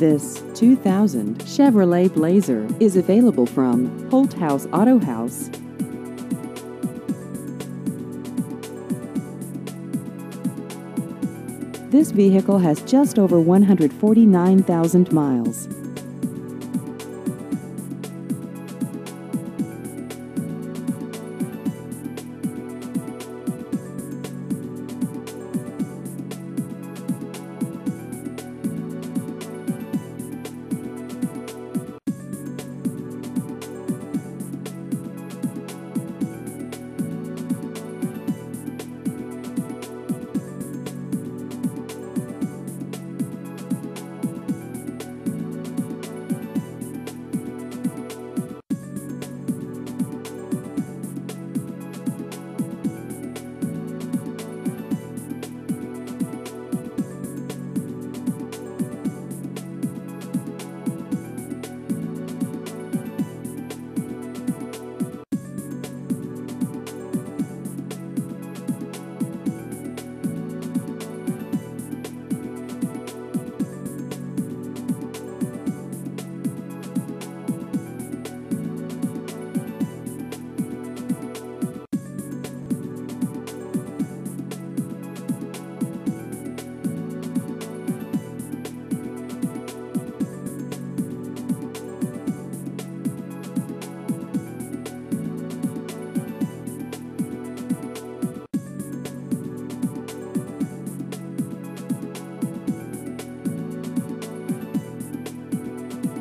This 2000 Chevrolet Blazer is available from Holt House Auto House. This vehicle has just over 149,000 miles.